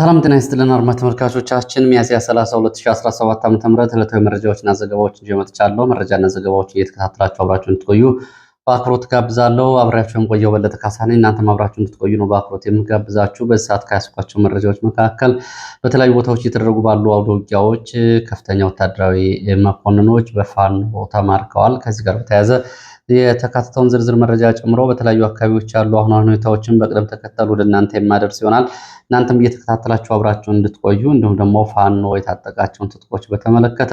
ሰላም ጤና ይስጥልን አርማ ተመልካቾቻችን፣ ሚያዝያ 30 2017 ዓ.ም ዕለታዊ መረጃዎችና ዘገባዎችን ይዤ መጥቻለሁ። መረጃና ዘገባዎችን እየተከታተላችሁ አብራችሁ እንድትቆዩ በአክብሮት ጋብዛለሁ። አብሬያችሁን ቆየው በለጠ ካሳኔ። እናንተም አብራችሁ እንድትቆዩ ነው በአክብሮት የምጋብዛችሁ። በዚህ ሰዓት ከያስኳቸው መረጃዎች መካከል በተለያዩ ቦታዎች እየተደረጉ ባሉ አውደ ውጊያዎች ከፍተኛ ወታደራዊ መኮንኖች በፋኖ ተማርከዋል። ከዚህ ጋር በተያያዘ የተካተተውን ዝርዝር መረጃ ጨምሮ በተለያዩ አካባቢዎች ያሉ አሁን ሁኔታዎችን በቅደም ተከተል ወደ እናንተ የማደርስ ይሆናል። እናንተም እየተከታተላችሁ አብራችሁን እንድትቆዩ እንዲሁም ደግሞ ፋኖ የታጠቃቸውን ትጥቆች በተመለከተ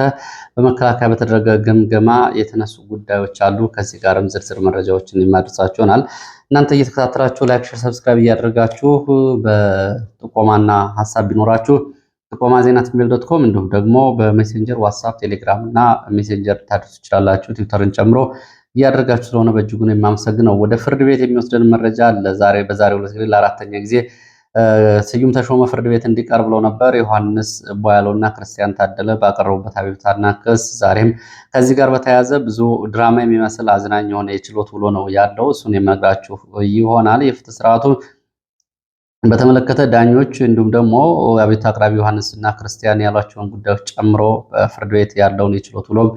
በመከላከያ በተደረገ ግምገማ የተነሱ ጉዳዮች አሉ። ከዚህ ጋርም ዝርዝር መረጃዎችን የማደርሳችሁ ይሆናል። እናንተ እየተከታተላችሁ ላይክ፣ ሼር፣ ሰብስክራይብ እያደረጋችሁ በጥቆማና ሀሳብ ቢኖራችሁ ጥቆማ ዜና ትሜል ዶት ኮም እንዲሁም ደግሞ በሜሴንጀር ዋትሳፕ፣ ቴሌግራም እና ሜሴንጀር ታደርሱ ይችላላችሁ ትዊተርን ጨምሮ እያደረጋችሁ ስለሆነ በእጅጉ ነው የማመሰግነው። ወደ ፍርድ ቤት የሚወስደን መረጃ አለ። ዛሬ በዛሬው ዕለት እንግዲህ ለአራተኛ ጊዜ ስዩም ተሾመ ፍርድ ቤት እንዲቀር ብለው ነበር። ዮሐንስ እና ክርስቲያን ታደለ ባቀረቡበት አቤቱታና ክስ ዛሬም ከዚህ ጋር በተያያዘ ብዙ ድራማ የሚመስል አዝናኝ የሆነ የችሎት ውሎ ነው ያለው። እሱን የምነግራችሁ ይሆናል። የፍትህ ስርዓቱ በተመለከተ ዳኞች እንዲሁም ደግሞ አቤቱታ አቅራቢ ዮሐንስ እና ክርስቲያን ያሏቸውን ጉዳዮች ጨምሮ ፍርድ ቤት ያለውን የችሎት ውሎም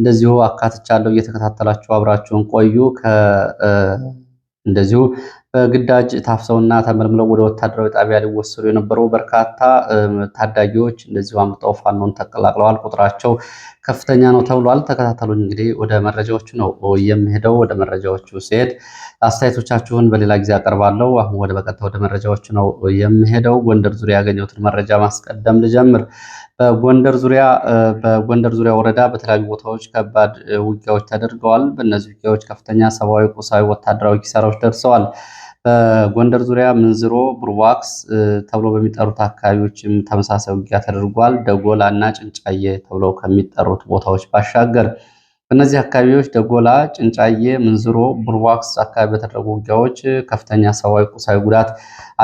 እንደዚሁ አካትቻለሁ። እየተከታተላችሁ አብራችሁን ቆዩ። እንደዚሁ በግዳጅ ታፍሰውና ተመልምለው ወደ ወታደራዊ ጣቢያ ሊወሰዱ የነበሩ በርካታ ታዳጊዎች እንደዚሁ አምጠው ፋኖን ተቀላቅለዋል። ቁጥራቸው ከፍተኛ ነው ተብሏል። ተከታተሉኝ። እንግዲህ ወደ መረጃዎቹ ነው የምሄደው። ወደ መረጃዎቹ ሲሄድ አስተያየቶቻችሁን በሌላ ጊዜ አቀርባለሁ። አሁን ወደ በቀጥታ ወደ መረጃዎቹ ነው የምሄደው። ጎንደር ዙሪያ ያገኘሁትን መረጃ ማስቀደም ልጀምር። በጎንደር ዙሪያ በጎንደር ዙሪያ ወረዳ በተለያዩ ቦታዎች ከባድ ውጊያዎች ተደርገዋል። በእነዚህ ውጊያዎች ከፍተኛ ሰብአዊ፣ ቁሳዊ፣ ወታደራዊ ኪሳራዎች ደርሰዋል። በጎንደር ዙሪያ ምንዝሮ፣ ብርዋክስ ተብሎ በሚጠሩት አካባቢዎችም ተመሳሳይ ውጊያ ተደርጓል። ደጎላ እና ጭንጫዬ ተብለው ከሚጠሩት ቦታዎች ባሻገር በእነዚህ አካባቢዎች ደጎላ፣ ጭንጫዬ፣ ምንዝሮ፣ ቡርዋክስ አካባቢ በተደረጉ ውጊያዎች ከፍተኛ ሰዋዊ፣ ቁሳዊ ጉዳት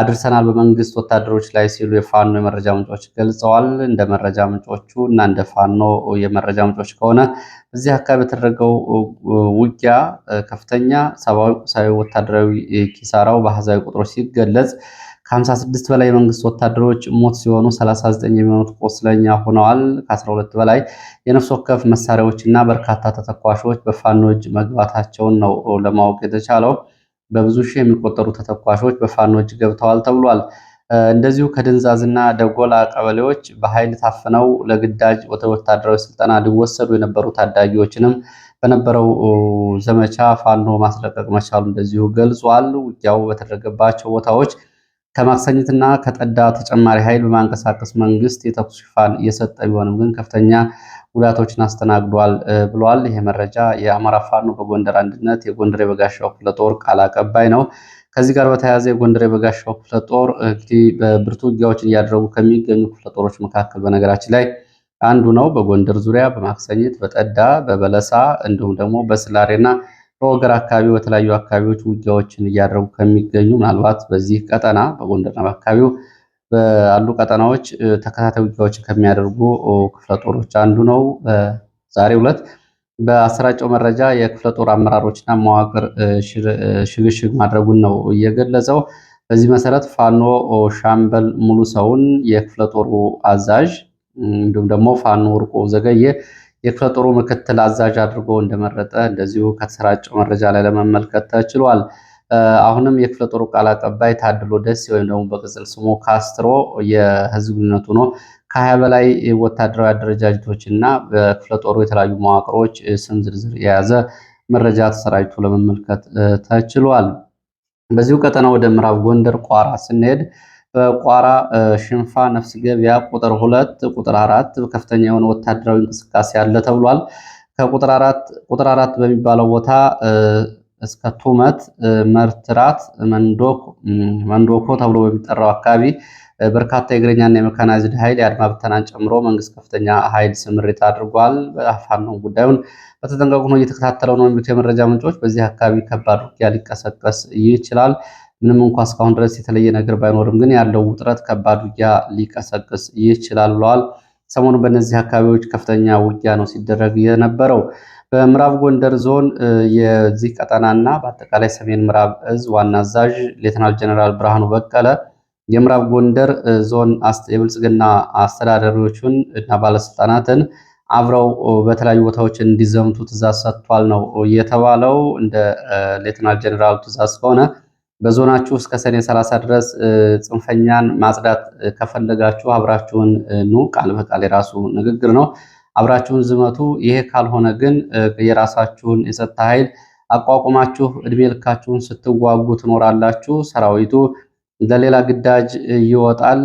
አድርሰናል በመንግስት ወታደሮች ላይ ሲሉ የፋኖ የመረጃ ምንጮች ገልጸዋል። እንደ መረጃ ምንጮቹ እና እንደ ፋኖ የመረጃ ምንጮች ከሆነ በዚህ አካባቢ በተደረገው ውጊያ ከፍተኛ ሰብአዊ፣ ቁሳዊ፣ ወታደራዊ ኪሳራው በአሃዛዊ ቁጥሮች ሲገለጽ ከ56 በላይ የመንግስት ወታደሮች ሞት ሲሆኑ 39 የሚሆኑት ቆስለኛ ሆነዋል። ከ12 በላይ የነፍስ ወከፍ መሳሪያዎች እና በርካታ ተተኳሾች በፋኖ እጅ መግባታቸውን ነው ለማወቅ የተቻለው። በብዙ ሺህ የሚቆጠሩ ተተኳሾች በፋኖ እጅ ገብተዋል ተብሏል። እንደዚሁ ከድንዛዝና ደጎላ ቀበሌዎች በኃይል ታፍነው ለግዳጅ ወደ ወታደራዊ ስልጠና ሊወሰዱ የነበሩ ታዳጊዎችንም በነበረው ዘመቻ ፋኖ ማስለቀቅ መቻሉ እንደዚሁ ገልጿል። ውጊያው በተደረገባቸው ቦታዎች ከማክሰኝትና ከጠዳ ተጨማሪ ኃይል በማንቀሳቀስ መንግስት የተኩስ ሽፋን እየሰጠ ቢሆንም ግን ከፍተኛ ጉዳቶችን አስተናግዷል ብሏል። ይሄ መረጃ የአማራ ፋኖ በጎንደር አንድነት የጎንደር የበጋሻው ክፍለ ጦር ቃል አቀባይ ነው። ከዚህ ጋር በተያያዘ የጎንደር የበጋሻው ክፍለ ጦር እንግዲህ በብርቱ ውጊያዎችን እያደረጉ ከሚገኙ ክፍለ ጦሮች መካከል በነገራችን ላይ አንዱ ነው። በጎንደር ዙሪያ በማክሰኝት በጠዳ በበለሳ እንዲሁም ደግሞ በስላሬና በወገር አካባቢ በተለያዩ አካባቢዎች ውጊያዎችን እያደረጉ ከሚገኙ ምናልባት በዚህ ቀጠና በጎንደርና በአካባቢው ባሉ ቀጠናዎች ተከታታይ ውጊያዎችን ከሚያደርጉ ክፍለ ጦሮች አንዱ ነው። በዛሬ ዕለት በአሰራጨው መረጃ የክፍለ ጦር አመራሮችና መዋቅር ሽግሽግ ማድረጉን ነው እየገለጸው። በዚህ መሰረት ፋኖ ሻምበል ሙሉ ሰውን የክፍለ ጦሩ አዛዥ እንዲሁም ደግሞ ፋኖ ወርቆ ዘገየ የክፍለጦሩ ምክትል አዛዥ አድርጎ እንደመረጠ እንደዚሁ ከተሰራጨው መረጃ ላይ ለመመልከት ተችሏል። አሁንም የክፍለጦሩ ቃል አቀባይ ታድሎ ደሴ ወይም ደግሞ በቅጽል ስሙ ካስትሮ የህዝብ ግንኙነቱ ነው። ከሀያ በላይ ወታደራዊ አደረጃጀቶች እና በክፍለጦሩ የተለያዩ መዋቅሮች ስም ዝርዝር የያዘ መረጃ ተሰራጭቶ ለመመልከት ተችሏል። በዚሁ ቀጠና ወደ ምዕራብ ጎንደር ቋራ ስንሄድ በቋራ ሽንፋ ነፍስ ገበያ ቁጥር ሁለት ቁጥር አራት ከፍተኛ የሆነ ወታደራዊ እንቅስቃሴ አለ ተብሏል። ቁጥር አራት በሚባለው ቦታ እስከ ቱመት መርትራት መንዶኮ ተብሎ በሚጠራው አካባቢ በርካታ የእግረኛና የመካናይዝድ ኃይል የአድማ ብተናን ጨምሮ መንግስት ከፍተኛ ኃይል ስምሪት አድርጓል። በአፋን ነው ጉዳዩን በተጠንቀቁ ነው እየተከታተለው ነው የሚሉት የመረጃ ምንጮች በዚህ አካባቢ ከባድ ውጊያ ሊቀሰቀስ ይችላል። ምንም እንኳ እስካሁን ድረስ የተለየ ነገር ባይኖርም ግን ያለው ውጥረት ከባድ ውጊያ ሊቀሰቅስ ይችላል ብለዋል። ሰሞኑ በእነዚህ አካባቢዎች ከፍተኛ ውጊያ ነው ሲደረግ የነበረው። በምዕራብ ጎንደር ዞን የዚህ ቀጠናና በአጠቃላይ ሰሜን ምዕራብ እዝ ዋና አዛዥ ሌተናል ጀነራል ብርሃኑ በቀለ የምዕራብ ጎንደር ዞን የብልጽግና አስተዳደሪዎቹን እና ባለስልጣናትን አብረው በተለያዩ ቦታዎች እንዲዘምቱ ትእዛዝ ሰጥቷል ነው የተባለው። እንደ ሌተናል ጀነራሉ ትእዛዝ ከሆነ በዞናችሁ እስከ ሰኔ 30 ድረስ ጽንፈኛን ማጽዳት ከፈለጋችሁ አብራችሁን ኑ። ቃል በቃል የራሱ ንግግር ነው። አብራችሁን ዝመቱ። ይሄ ካልሆነ ግን የራሳችሁን የጸጥታ ኃይል አቋቁማችሁ እድሜ ልካችሁን ስትዋጉ ትኖራላችሁ። ሰራዊቱ ለሌላ ግዳጅ ይወጣል፣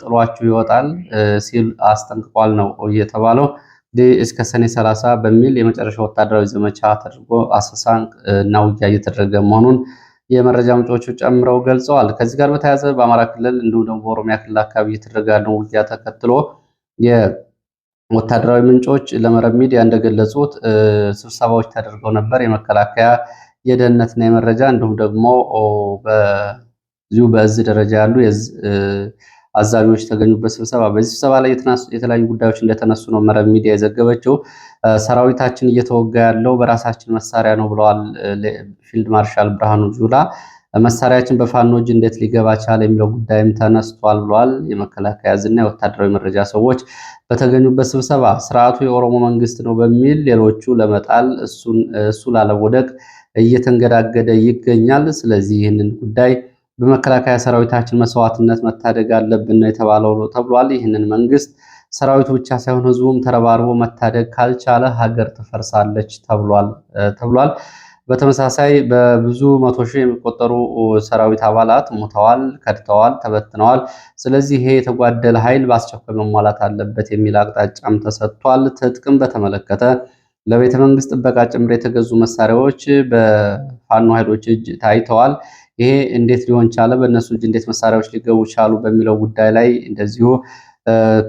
ጥሏችሁ ይወጣል ሲል አስጠንቅቋል ነው እየተባለው። እስከ ሰኔ 30 በሚል የመጨረሻ ወታደራዊ ዘመቻ ተደርጎ አሰሳን እና ውጊያ እየተደረገ መሆኑን የመረጃ ምንጮቹ ጨምረው ገልጸዋል። ከዚህ ጋር በተያያዘ በአማራ ክልል እንዲሁም ደግሞ በኦሮሚያ ክልል አካባቢ እየተደረገ ያለው ውጊያ ተከትሎ የወታደራዊ ምንጮች ለመረብ ሚዲያ እንደገለጹት ስብሰባዎች ተደርገው ነበር። የመከላከያ የደህንነትና የመረጃ እንዲሁም ደግሞ በዚሁ በእዝ ደረጃ ያሉ አዛቢዎች የተገኙበት ስብሰባ። በዚህ ስብሰባ ላይ የተለያዩ ጉዳዮች እንደተነሱ ነው መረብ ሚዲያ የዘገበችው። ሰራዊታችን እየተወጋ ያለው በራሳችን መሳሪያ ነው ብለዋል ፊልድ ማርሻል ብርሃኑ ጁላ። መሳሪያችን በፋኖ እጅ እንዴት ሊገባ ቻለ የሚለው ጉዳይም ተነስቷል ብለዋል። የመከላከያ ዝና የወታደራዊ መረጃ ሰዎች በተገኙበት ስብሰባ ስርዓቱ የኦሮሞ መንግስት ነው በሚል ሌሎቹ ለመጣል እሱ ላለመውደቅ እየተንገዳገደ ይገኛል። ስለዚህ ይህንን ጉዳይ በመከላከያ ሰራዊታችን መስዋዕትነት መታደግ አለብን የተባለው ተብሏል። ይህንን መንግስት ሰራዊቱ ብቻ ሳይሆን ህዝቡም ተረባርቦ መታደግ ካልቻለ ሀገር ትፈርሳለች ተብሏል። በተመሳሳይ በብዙ መቶ ሺህ የሚቆጠሩ ሰራዊት አባላት ሞተዋል፣ ከድተዋል፣ ተበትነዋል። ስለዚህ ይሄ የተጓደለ ኃይል በአስቸኳይ መሟላት አለበት የሚል አቅጣጫም ተሰጥቷል። ትጥቅም በተመለከተ ለቤተ መንግስት ጥበቃ ጭምር የተገዙ መሳሪያዎች በፋኖ ኃይሎች እጅ ታይተዋል። ይሄ እንዴት ሊሆን ቻለ፣ በእነሱ እጅ እንዴት መሳሪያዎች ሊገቡ ቻሉ በሚለው ጉዳይ ላይ እንደዚሁ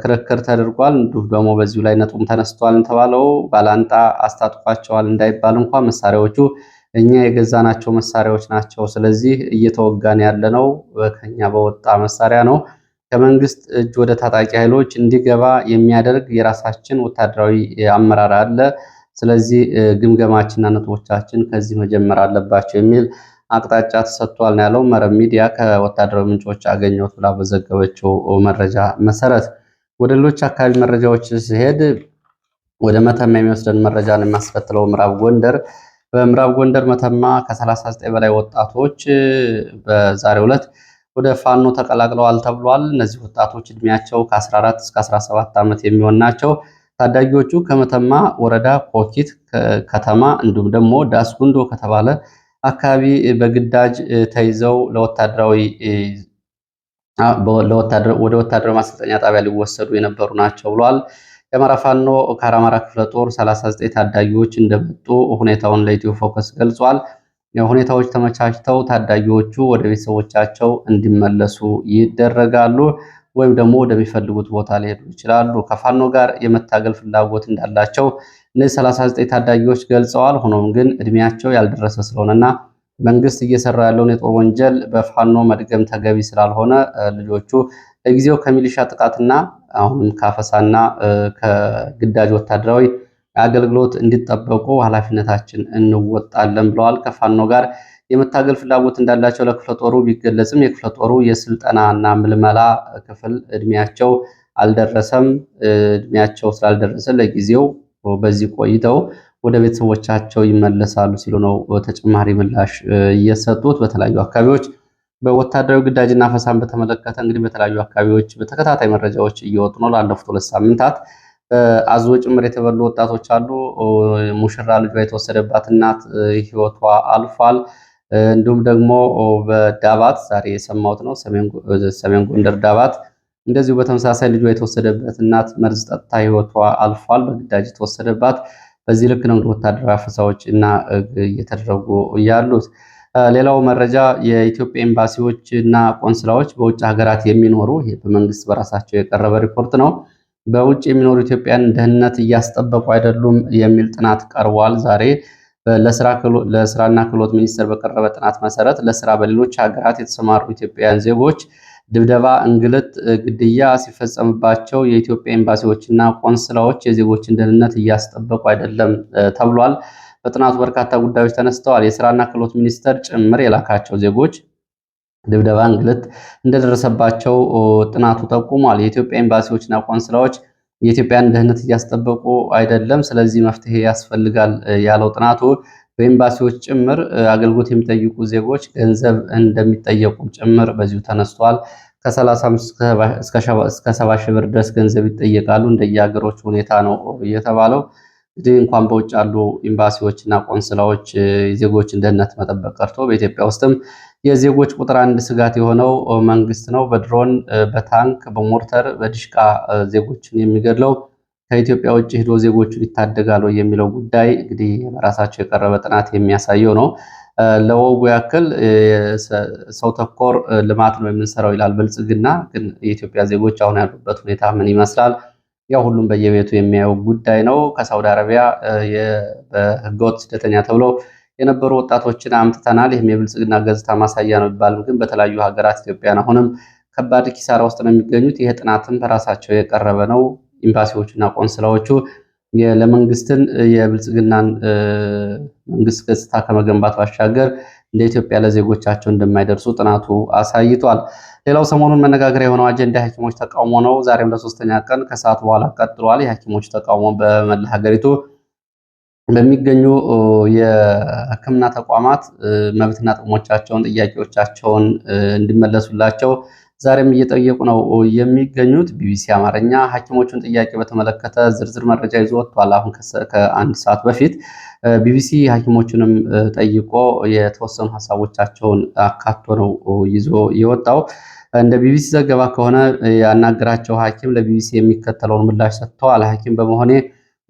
ክርክር ተደርጓል። እንዲሁ ደግሞ በዚሁ ላይ ነጥቡም ተነስቷል ተባለው ባላንጣ አስታጥቋቸዋል እንዳይባል እንኳ መሳሪያዎቹ እኛ የገዛናቸው መሳሪያዎች ናቸው። ስለዚህ እየተወጋን ያለነው ከኛ በወጣ መሳሪያ ነው። ከመንግስት እጅ ወደ ታጣቂ ኃይሎች እንዲገባ የሚያደርግ የራሳችን ወታደራዊ አመራር አለ። ስለዚህ ግምገማችንና ነጥቦቻችን ከዚህ መጀመር አለባቸው የሚል አቅጣጫ ተሰጥቷል ነው ያለው። መረብ ሚዲያ ከወታደራዊ ምንጮች አገኘሁት ብላ በዘገበችው መረጃ መሰረት ወደ ሌሎች አካባቢ መረጃዎች ሲሄድ ወደ መተማ የሚወስደን መረጃ ነው የሚያስከትለው። ምዕራብ ጎንደር በምዕራብ ጎንደር መተማ ከ39 በላይ ወጣቶች በዛሬው ዕለት ወደ ፋኖ ተቀላቅለዋል ተብሏል። እነዚህ ወጣቶች እድሜያቸው ከ14 እስከ 17 ዓመት የሚሆን ናቸው። ታዳጊዎቹ ከመተማ ወረዳ ኮኪት ከተማ እንዲሁም ደግሞ ዳስጉንዶ ከተባለ አካባቢ በግዳጅ ተይዘው ለወታደራዊ ወደ ወታደራዊ ማሰልጠኛ ጣቢያ ሊወሰዱ የነበሩ ናቸው ብሏል። የአማራ ፋኖ ከአራማራ ክፍለ ጦር 39 ታዳጊዎች እንደመጡ ሁኔታውን ለኢትዮ ፎከስ ገልጿል። ሁኔታዎች ተመቻችተው ታዳጊዎቹ ወደ ቤተሰቦቻቸው እንዲመለሱ ይደረጋሉ ወይም ደግሞ ወደሚፈልጉት ቦታ ሊሄዱ ይችላሉ። ከፋኖ ጋር የመታገል ፍላጎት እንዳላቸው እነዚህ 39 ታዳጊዎች ገልጸዋል። ሆኖም ግን እድሜያቸው ያልደረሰ ስለሆነና መንግስት እየሰራ ያለውን የጦር ወንጀል በፋኖ መድገም ተገቢ ስላልሆነ ልጆቹ ለጊዜው ከሚሊሻ ጥቃትና አሁንም ከአፈሳና ከግዳጅ ወታደራዊ አገልግሎት እንዲጠበቁ ኃላፊነታችን እንወጣለን ብለዋል። ከፋኖ ጋር የመታገል ፍላጎት እንዳላቸው ለክፍለ ጦሩ ቢገለጽም የክፍለ ጦሩ የስልጠናና ምልመላ ክፍል እድሜያቸው አልደረሰም። እድሜያቸው ስላልደረሰ ለጊዜው በዚህ ቆይተው ወደ ቤተሰቦቻቸው ይመለሳሉ ሲሉ ነው ተጨማሪ ምላሽ እየሰጡት። በተለያዩ አካባቢዎች በወታደራዊ ግዳጅና ፈሳም በተመለከተ እንግዲህ በተለያዩ አካባቢዎች በተከታታይ መረጃዎች እየወጡ ነው። ላለፉት ሁለት ሳምንታት አዞ ጭምር የተበሉ ወጣቶች አሉ። ሙሽራ ልጇ የተወሰደባት እናት ህይወቷ አልፏል። እንዲሁም ደግሞ በዳባት ዛሬ የሰማሁት ነው ሰሜን ጎንደር ዳባት እንደዚሁ በተመሳሳይ ልጇ የተወሰደበት እናት መርዝ ጠጥታ ህይወቷ አልፏል። በግዳጅ የተወሰደባት። በዚህ ልክ ነው ወታደራዊ አፈሳዎች እና እየተደረጉ ያሉት። ሌላው መረጃ የኢትዮጵያ ኤምባሲዎች እና ቆንስላዎች በውጭ ሀገራት የሚኖሩ በመንግስት በራሳቸው የቀረበ ሪፖርት ነው። በውጭ የሚኖሩ ኢትዮጵያን ደህንነት እያስጠበቁ አይደሉም የሚል ጥናት ቀርቧል። ዛሬ ለስራና ክህሎት ሚኒስቴር በቀረበ ጥናት መሰረት ለስራ በሌሎች ሀገራት የተሰማሩ ኢትዮጵያውያን ዜጎች ድብደባ፣ እንግልት፣ ግድያ ሲፈጸምባቸው የኢትዮጵያ ኤምባሲዎችና ቆንስላዎች የዜጎችን ደህንነት እያስጠበቁ አይደለም ተብሏል። በጥናቱ በርካታ ጉዳዮች ተነስተዋል። የስራና ክህሎት ሚኒስቴር ጭምር የላካቸው ዜጎች ድብደባ፣ እንግልት እንደደረሰባቸው ጥናቱ ጠቁሟል። የኢትዮጵያ ኤምባሲዎችና ቆንስላዎች የኢትዮጵያን ደህንነት እያስጠበቁ አይደለም፣ ስለዚህ መፍትሄ ያስፈልጋል ያለው ጥናቱ በኤምባሲዎች ጭምር አገልግሎት የሚጠይቁ ዜጎች ገንዘብ እንደሚጠየቁ ጭምር በዚሁ ተነስተዋል ከ ከ35 እስከ 70 ሺህ ብር ድረስ ገንዘብ ይጠየቃሉ። እንደየሀገሮች ሁኔታ ነው እየተባለው እንግዲህ እንኳን በውጭ ያሉ ኤምባሲዎች እና ቆንስላዎች የዜጎችን ደህንነት መጠበቅ ቀርቶ በኢትዮጵያ ውስጥም የዜጎች ቁጥር አንድ ስጋት የሆነው መንግስት ነው። በድሮን በታንክ በሞርተር በድሽቃ ዜጎችን የሚገድለው ከኢትዮጵያ ውጭ ሄዶ ዜጎቹን ይታደጋሉ የሚለው ጉዳይ እንግዲህ በራሳቸው የቀረበ ጥናት የሚያሳየው ነው። ለወጉ ያክል ሰው ተኮር ልማት ነው የምንሰራው ይላል ብልጽግና። ግን የኢትዮጵያ ዜጎች አሁን ያሉበት ሁኔታ ምን ይመስላል? ያው ሁሉም በየቤቱ የሚያየው ጉዳይ ነው። ከሳውዲ አረቢያ በህገወጥ ስደተኛ ተብለው የነበሩ ወጣቶችን አምጥተናል። ይህም የብልጽግና ገጽታ ማሳያ ነው ቢባልም ግን በተለያዩ ሀገራት ኢትዮጵያን አሁንም ከባድ ኪሳራ ውስጥ ነው የሚገኙት። ይህ ጥናትም በራሳቸው የቀረበ ነው። እና ቆንስላዎቹ ለመንግስትን የብልጽግናን መንግስት ገጽታ ከመገንባት ባሻገር እንደ ኢትዮጵያ ለዜጎቻቸው እንደማይደርሱ ጥናቱ አሳይቷል። ሌላው ሰሞኑን መነጋገር የሆነው አጀንዳ የሐኪሞች ተቃውሞ ነው። ዛሬም ለሶስተኛ ቀን ከሰዓት በኋላ ቀጥሏል። የሐኪሞች ተቃውሞ በመላ ሀገሪቱ በሚገኙ የሕክምና ተቋማት መብትና ጥቅሞቻቸውን፣ ጥያቄዎቻቸውን እንዲመለሱላቸው ዛሬም እየጠየቁ ነው የሚገኙት። ቢቢሲ አማርኛ ሐኪሞቹን ጥያቄ በተመለከተ ዝርዝር መረጃ ይዞ ወጥቷል። አሁን ከአንድ ሰዓት በፊት ቢቢሲ ሐኪሞቹንም ጠይቆ የተወሰኑ ሀሳቦቻቸውን አካቶ ነው ይዞ የወጣው። እንደ ቢቢሲ ዘገባ ከሆነ ያናገራቸው ሐኪም ለቢቢሲ የሚከተለውን ምላሽ ሰጥተዋል። ሐኪም በመሆኔ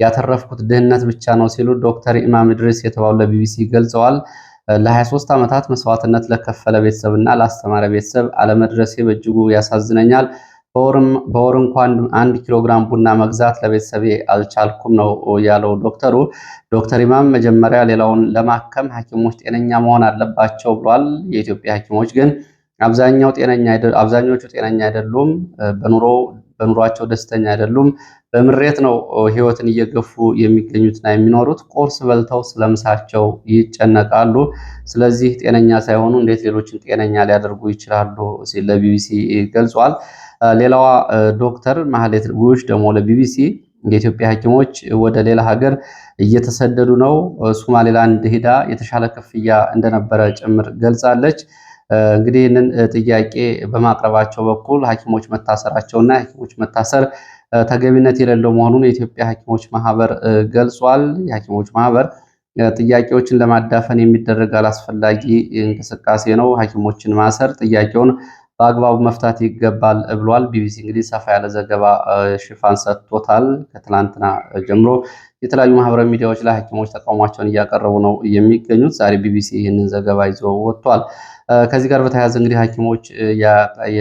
ያተረፍኩት ድህነት ብቻ ነው ሲሉ ዶክተር ኢማም ኢድሪስ የተባሉ ለቢቢሲ ገልጸዋል። ለ23 ዓመታት መስዋዕትነት ለከፈለ ቤተሰብና ላስተማረ ቤተሰብ አለመድረሴ በእጅጉ ያሳዝነኛል። በወር እንኳን አንድ ኪሎ ግራም ቡና መግዛት ለቤተሰቤ አልቻልኩም ነው ያለው ዶክተሩ። ዶክተር ኢማም መጀመሪያ ሌላውን ለማከም ሐኪሞች ጤነኛ መሆን አለባቸው ብሏል። የኢትዮጵያ ሐኪሞች ግን አብዛኞቹ ጤነኛ አይደሉም። በኑሮ በኑሯቸው ደስተኛ አይደሉም። በምሬት ነው ህይወትን እየገፉ የሚገኙትና የሚኖሩት። ቁርስ በልተው ስለምሳቸው ይጨነቃሉ። ስለዚህ ጤነኛ ሳይሆኑ እንዴት ሌሎችን ጤነኛ ሊያደርጉ ይችላሉ ሲል ለቢቢሲ ገልጿል። ሌላዋ ዶክተር ማህሌት ጉሽ ደግሞ ለቢቢሲ የኢትዮጵያ ሐኪሞች ወደ ሌላ ሀገር እየተሰደዱ ነው። ሶማሌላንድ ሂዳ የተሻለ ክፍያ እንደነበረ ጭምር ገልጻለች። እንግዲህ ይህንን ጥያቄ በማቅረባቸው በኩል ሐኪሞች መታሰራቸውና የሐኪሞች መታሰር ተገቢነት የሌለው መሆኑን የኢትዮጵያ ሐኪሞች ማህበር ገልጿል። የሐኪሞች ማህበር ጥያቄዎችን ለማዳፈን የሚደረግ አላስፈላጊ እንቅስቃሴ ነው፣ ሐኪሞችን ማሰር ጥያቄውን በአግባቡ መፍታት ይገባል ብሏል። ቢቢሲ እንግዲህ ሰፋ ያለ ዘገባ ሽፋን ሰጥቶታል። ከትላንትና ጀምሮ የተለያዩ ማህበራዊ ሚዲያዎች ላይ ሐኪሞች ተቃውሟቸውን እያቀረቡ ነው የሚገኙት። ዛሬ ቢቢሲ ይህንን ዘገባ ይዞ ወጥቷል። ከዚህ ጋር በተያያዘ እንግዲህ ሐኪሞች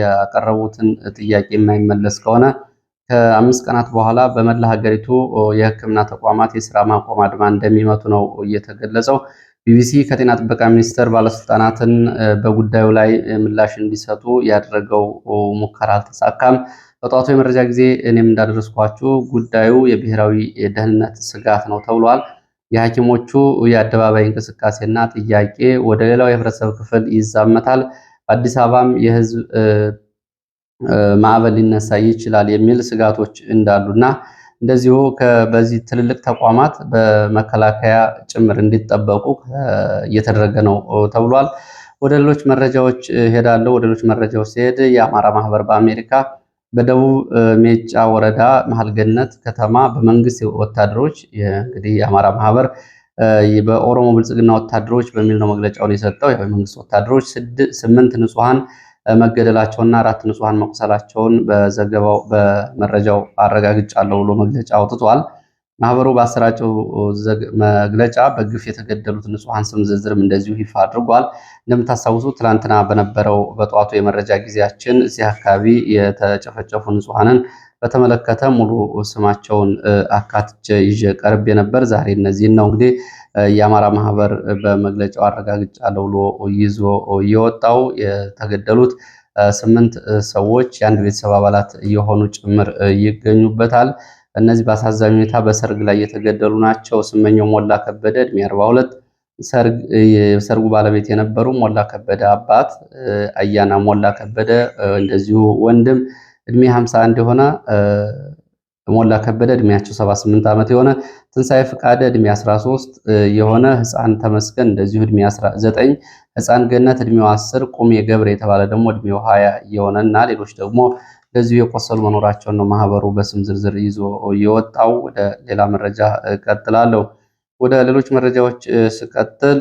ያቀረቡትን ጥያቄ የማይመለስ ከሆነ ከአምስት ቀናት በኋላ በመላ ሀገሪቱ የሕክምና ተቋማት የስራ ማቆም አድማ እንደሚመቱ ነው እየተገለጸው። ቢቢሲ ከጤና ጥበቃ ሚኒስቴር ባለስልጣናትን በጉዳዩ ላይ ምላሽ እንዲሰጡ ያደረገው ሙከራ አልተሳካም። በጠዋቱ የመረጃ ጊዜ እኔም እንዳደረስኳችሁ ጉዳዩ የብሔራዊ ደህንነት ስጋት ነው ተብሏል። የሐኪሞቹ የአደባባይ እንቅስቃሴና ጥያቄ ወደ ሌላው የህብረተሰብ ክፍል ይዛመታል፣ በአዲስ አበባም የህዝብ ማዕበል ሊነሳ ይችላል የሚል ስጋቶች እንዳሉና እንደዚሁ በዚህ ትልልቅ ተቋማት በመከላከያ ጭምር እንዲጠበቁ እየተደረገ ነው ተብሏል። ወደ ሌሎች መረጃዎች ሄዳለሁ። ወደ ሌሎች መረጃዎች ሲሄድ የአማራ ማህበር በአሜሪካ በደቡብ ሜጫ ወረዳ መሀል ገነት ከተማ በመንግስት ወታደሮች እንግዲህ የአማራ ማህበር በኦሮሞ ብልጽግና ወታደሮች በሚል ነው መግለጫውን የሰጠው። የመንግስት ወታደሮች ስምንት ንጹሐን መገደላቸውና አራት ንጹሐን መቁሰላቸውን በዘገባው በመረጃው አረጋግጫለሁ ብሎ መግለጫ አውጥቷል። ማህበሩ በአሰራጨው መግለጫ በግፍ የተገደሉት ንጹሐን ስም ዝርዝርም እንደዚሁ ይፋ አድርጓል። እንደምታስታውሱ ትላንትና በነበረው በጠዋቱ የመረጃ ጊዜያችን እዚህ አካባቢ የተጨፈጨፉ ንጹሐንን በተመለከተ ሙሉ ስማቸውን አካትቼ ይዤ ቀርቤ ነበር። ዛሬ እነዚህን ነው እንግዲህ የአማራ ማህበር በመግለጫው አረጋግጫለሁ ብሎ ይዞ የወጣው የተገደሉት ስምንት ሰዎች የአንድ ቤተሰብ አባላት የሆኑ ጭምር ይገኙበታል። እነዚህ በአሳዛኝ ሁኔታ በሰርግ ላይ የተገደሉ ናቸው። ስመኘው ሞላ ከበደ እድሜ 42 የሰርጉ ባለቤት የነበሩ ሞላ ከበደ አባት አያና ሞላ ከበደ እንደዚሁ ወንድም እድሜ 51 የሆነ ሞላ ከበደ እድሜያቸው 78 ዓመት የሆነ ትንሣኤ ፍቃደ እድሜ 13 የሆነ ህፃን ተመስገን እንደዚሁ እድሜ 19 ህፃን ገነት እድሜው 10 ቁሜ ገብሬ የተባለ ደግሞ እድሜው 20 እና ሌሎች ደግሞ በዚሁ የቆሰሉ መኖራቸውን ነው ማህበሩ በስም ዝርዝር ይዞ የወጣው። ወደ ሌላ መረጃ እቀጥላለሁ። ወደ ሌሎች መረጃዎች ስቀጥል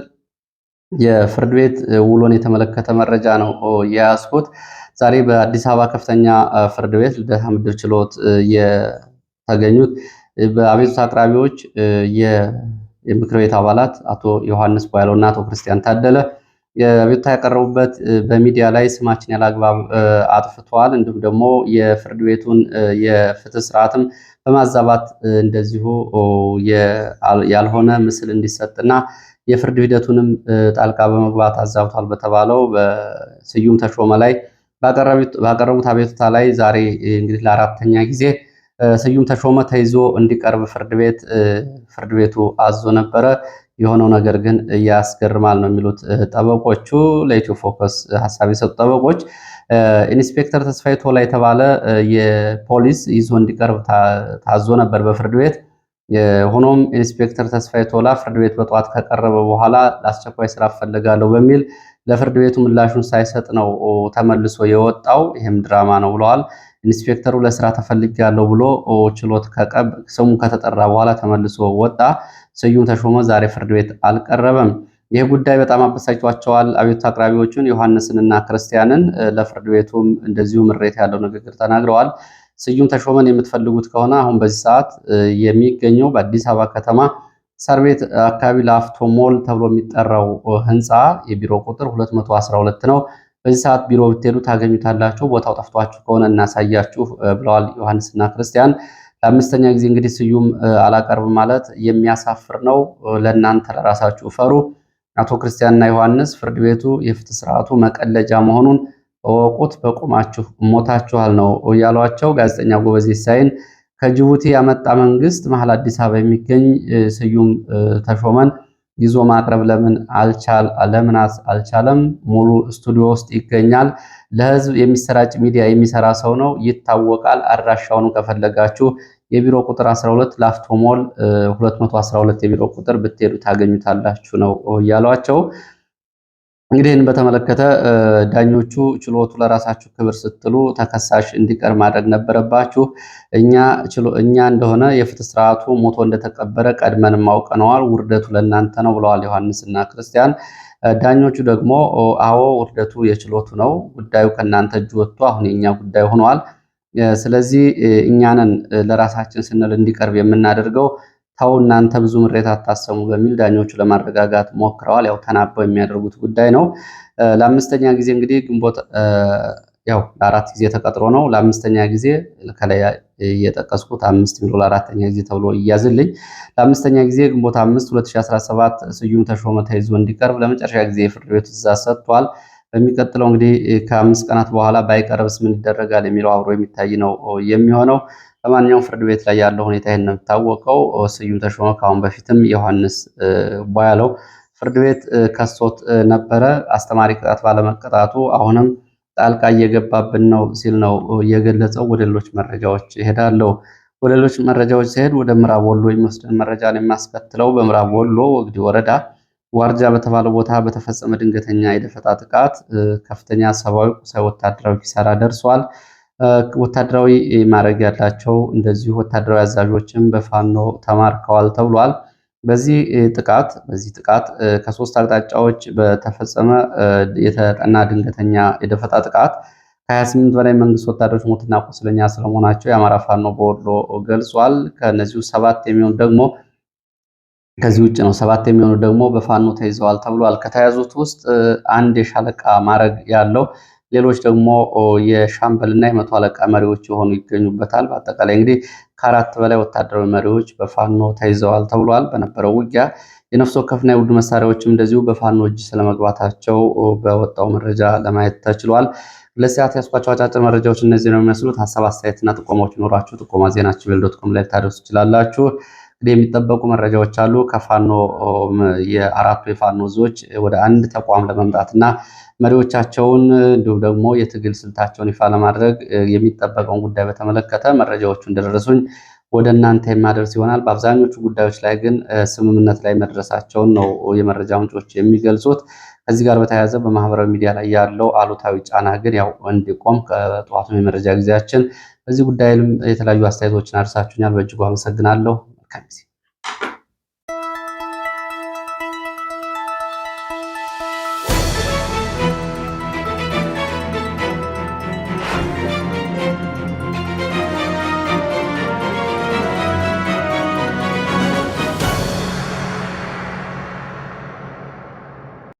የፍርድ ቤት ውሎን የተመለከተ መረጃ ነው የያዝኩት። ዛሬ በአዲስ አበባ ከፍተኛ ፍርድ ቤት ልደታ ምድብ ችሎት የተገኙት በአቤቱት አቅራቢዎች የምክር ቤት አባላት አቶ ዮሐንስ ቧያለው እና አቶ ክርስቲያን ታደለ የቤታ ያቀረቡበት በሚዲያ ላይ ስማችን ያላግባብ አጥፍቷል፣ እንዲሁም ደግሞ የፍርድ ቤቱን የፍትህ ስርዓትም በማዛባት እንደዚሁ ያልሆነ ምስል እንዲሰጥና የፍርድ ሂደቱንም ጣልቃ በመግባት አዛብቷል በተባለው በስዩም ተሾመ ላይ ባቀረቡት አቤቱታ ላይ ዛሬ እንግዲህ ለአራተኛ ጊዜ ስዩም ተሾመ ተይዞ እንዲቀርብ ፍርድ ቤት ፍርድ ቤቱ አዞ ነበረ። የሆነው ነገር ግን ያስገርማል ነው የሚሉት ጠበቆቹ። ለኢትዮ ፎከስ ሀሳብ የሰጡ ጠበቆች ኢንስፔክተር ተስፋዬ ቶላ የተባለ የፖሊስ ይዞ እንዲቀርብ ታዞ ነበር በፍርድ ቤት። ሆኖም ኢንስፔክተር ተስፋዬ ቶላ ፍርድ ቤት በጠዋት ከቀረበ በኋላ ለአስቸኳይ ስራ እፈልጋለሁ በሚል ለፍርድ ቤቱ ምላሹን ሳይሰጥ ነው ተመልሶ የወጣው። ይህም ድራማ ነው ብለዋል። ኢንስፔክተሩ ለስራ ተፈልጊያለሁ ብሎ ችሎት ከቀብ ስሙ ከተጠራ በኋላ ተመልሶ ወጣ። ስዩም ተሾመ ዛሬ ፍርድ ቤት አልቀረበም። ይህ ጉዳይ በጣም አበሳጭቷቸዋል አቤቱታ አቅራቢዎቹን ዮሐንስንና ክርስቲያንን። ለፍርድ ቤቱም እንደዚሁ ምሬት ያለው ንግግር ተናግረዋል። ስዩም ተሾመን የምትፈልጉት ከሆነ አሁን በዚህ ሰዓት የሚገኘው በአዲስ አበባ ከተማ ሳር ቤት አካባቢ ላፍቶ ሞል ተብሎ የሚጠራው ህንፃ የቢሮ ቁጥር 212 ነው። በዚህ ሰዓት ቢሮ ብትሄዱ ታገኙታላችሁ። ቦታው ጠፍቷችሁ ከሆነ እናሳያችሁ ብለዋል ዮሐንስና ክርስቲያን። ለአምስተኛ ጊዜ እንግዲህ ስዩም አላቀርብ ማለት የሚያሳፍር ነው። ለእናንተ ለራሳችሁ ፈሩ። አቶ ክርስቲያንና ዮሐንስ ፍርድ ቤቱ የፍትህ ስርዓቱ መቀለጃ መሆኑን እወቁት፣ በቁማችሁ ሞታችኋል ነው ያሏቸው። ጋዜጠኛ ጎበዜ ሳይን ከጅቡቲ ያመጣ መንግስት መሀል አዲስ አበባ የሚገኝ ስዩም ተሾመን ይዞ ማቅረብ ለምን አልቻል ለምን አልቻለም? ሙሉ ስቱዲዮ ውስጥ ይገኛል። ለህዝብ የሚሰራጭ ሚዲያ የሚሰራ ሰው ነው፣ ይታወቃል። አድራሻውን ከፈለጋችሁ የቢሮ ቁጥር 12 ላፍቶ ሞል 212 የቢሮ ቁጥር ብትሄዱ ታገኙታላችሁ ነው እያሏቸው እንግዲህ ይህን በተመለከተ ዳኞቹ ችሎቱ ለራሳችሁ ክብር ስትሉ ተከሳሽ እንዲቀር ማድረግ ነበረባችሁ። እኛ እንደሆነ የፍትህ ስርዓቱ ሞቶ እንደተቀበረ ቀድመን ማውቀነዋል። ውርደቱ ለእናንተ ነው ብለዋል ዮሐንስና ክርስቲያን። ዳኞቹ ደግሞ አዎ ውርደቱ የችሎቱ ነው፣ ጉዳዩ ከእናንተ እጅ ወጥቶ አሁን የእኛ ጉዳይ ሆኗል። ስለዚህ እኛንን ለራሳችን ስንል እንዲቀርብ የምናደርገው ታው እናንተ ብዙ ምሬት አታሰሙ በሚል ዳኞቹ ለማረጋጋት ሞክረዋል። ያው ተናበው የሚያደርጉት ጉዳይ ነው። ለአምስተኛ ጊዜ እንግዲህ ግንቦት ያው ለአራት ጊዜ ተቀጥሮ ነው። ለአምስተኛ ጊዜ ከላይ እየጠቀስኩት አምስት የሚለው ለአራተኛ ጊዜ ተብሎ እያዝልኝ። ለአምስተኛ ጊዜ ግንቦት አምስት 2017 ስዩም ተሾመ ተይዞ እንዲቀርብ ለመጨረሻ ጊዜ የፍርድ ቤቱ ትዕዛዝ ሰጥቷል። በሚቀጥለው እንግዲህ ከአምስት ቀናት በኋላ ባይቀርብስ ምን ይደረጋል የሚለው አብሮ የሚታይ ነው የሚሆነው። በማንኛውም ፍርድ ቤት ላይ ያለው ሁኔታ ይህን ነው የሚታወቀው። ስዩም ተሾመ ከአሁን በፊትም ዮሐንስ ቧያለው ፍርድ ቤት ከሶት ነበረ። አስተማሪ ቅጣት ባለመቀጣቱ አሁንም ጣልቃ እየገባብን ነው ሲል ነው የገለጸው። ወደ ሌሎች መረጃዎች ይሄዳለው። ወደ ሌሎች መረጃዎች ሲሄድ ወደ ምዕራብ ወሎ የሚወስደን መረጃ ነው የሚያስከትለው። በምዕራብ ወሎ ወግዲ ወረዳ ዋርጃ በተባለ ቦታ በተፈጸመ ድንገተኛ የደፈጣ ጥቃት ከፍተኛ ሰብአዊ፣ ቁሳዊ፣ ወታደራዊ ኪሳራ ደርሷል። ወታደራዊ ማዕረግ ያላቸው እንደዚሁ ወታደራዊ አዛዦችም በፋኖ ተማርከዋል ተብሏል። በዚህ ጥቃት በዚህ ጥቃት ከሶስት አቅጣጫዎች በተፈጸመ የተጠና ድንገተኛ የደፈጣ ጥቃት ከ28 በላይ መንግስት ወታደሮች ሞትና ቁስለኛ ስለመሆናቸው የአማራ ፋኖ በወሎ ገልጿል። ከነዚሁ ሰባት የሚሆኑ ደግሞ ከዚህ ውጭ ነው። ሰባት የሚሆኑ ደግሞ በፋኖ ተይዘዋል ተብሏል። ከተያዙት ውስጥ አንድ የሻለቃ ማዕረግ ያለው ሌሎች ደግሞ የሻምበልና የመቶ አለቃ መሪዎች የሆኑ ይገኙበታል። በአጠቃላይ እንግዲህ ከአራት በላይ ወታደራዊ መሪዎች በፋኖ ተይዘዋል ተብሏል። በነበረው ውጊያ የነፍስ ወከፍና የውድ መሳሪያዎችም እንደዚሁ በፋኖ እጅ ስለመግባታቸው በወጣው መረጃ ለማየት ተችሏል። ለሰዓት ያስኳቸው አጫጭር መረጃዎች እነዚህ ነው የሚመስሉት። ሀሳብ አስተያየትና ጥቆማዎች ይኖራችሁ ጥቆማ ዜና ጂሜል ዶት ኮም ላይ ልታደርሱ ትችላላችሁ። የሚጠበቁ መረጃዎች አሉ። ከፋኖ የአራቱ የፋኖ ዞች ወደ አንድ ተቋም ለመምጣት እና መሪዎቻቸውን እንዲሁም ደግሞ የትግል ስልታቸውን ይፋ ለማድረግ የሚጠበቀውን ጉዳይ በተመለከተ መረጃዎቹ እንደደረሱኝ ወደ እናንተ የማደርስ ይሆናል። በአብዛኞቹ ጉዳዮች ላይ ግን ስምምነት ላይ መድረሳቸውን ነው የመረጃ ምንጮች የሚገልጹት። ከዚህ ጋር በተያያዘ በማህበራዊ ሚዲያ ላይ ያለው አሉታዊ ጫና ግን ያው እንዲቆም ከጠዋቱም የመረጃ ጊዜያችን በዚህ ጉዳይም የተለያዩ አስተያየቶችን አድርሳችሁኛል። በእጅጉ አመሰግናለሁ። Camsi.